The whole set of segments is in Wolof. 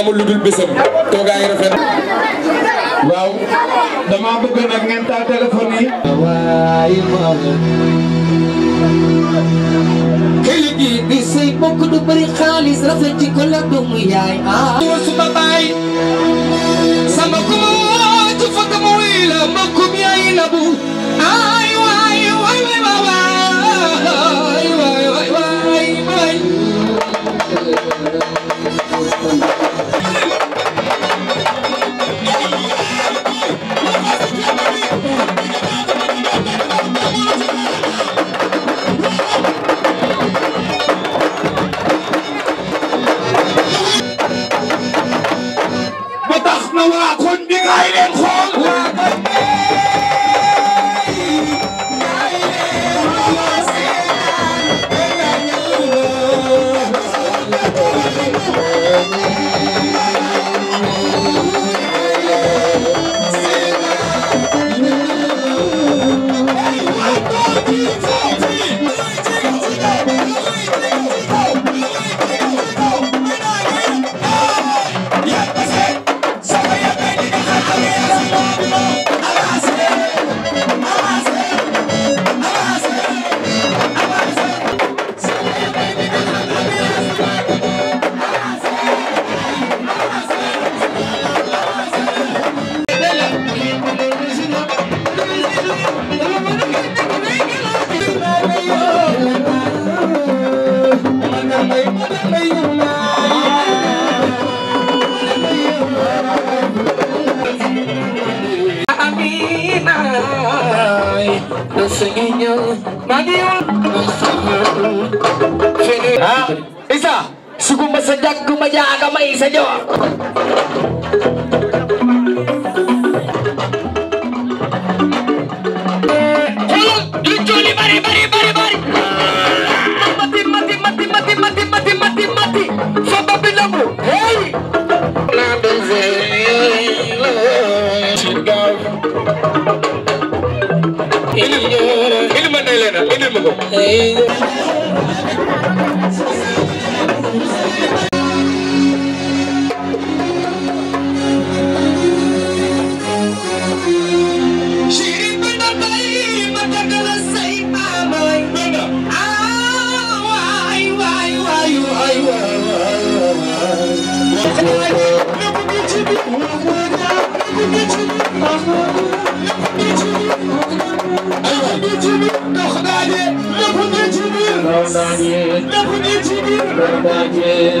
amul lu dul bésam toogaay rafet waaw dama bëgg nag ngeen taal téléphone yi waaye kële gi di sëy bokk du bëri xaalis rafet ci ko la doomu yaay ah suma baay sama kuma woo ci fakk ma wii la mbokkum yaay la bu ah le Seigneur m'a dit Isa, suguma sa jag, gumayaga may sa indi ma nee leen indil ma ko Brahma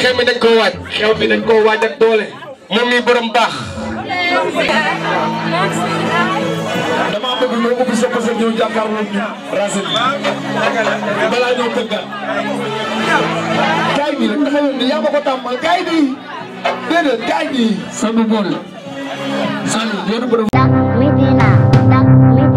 xew mi dañ koo waaj xew mi dañ koo waaj ak doole moom mi borom baax bi moo ubbi sa bi rek dafa yoon yaa ma ko tàmmal kaay bi déedéet kaay bi. Sanu bool Sanu yoonu borom. ndax mi dina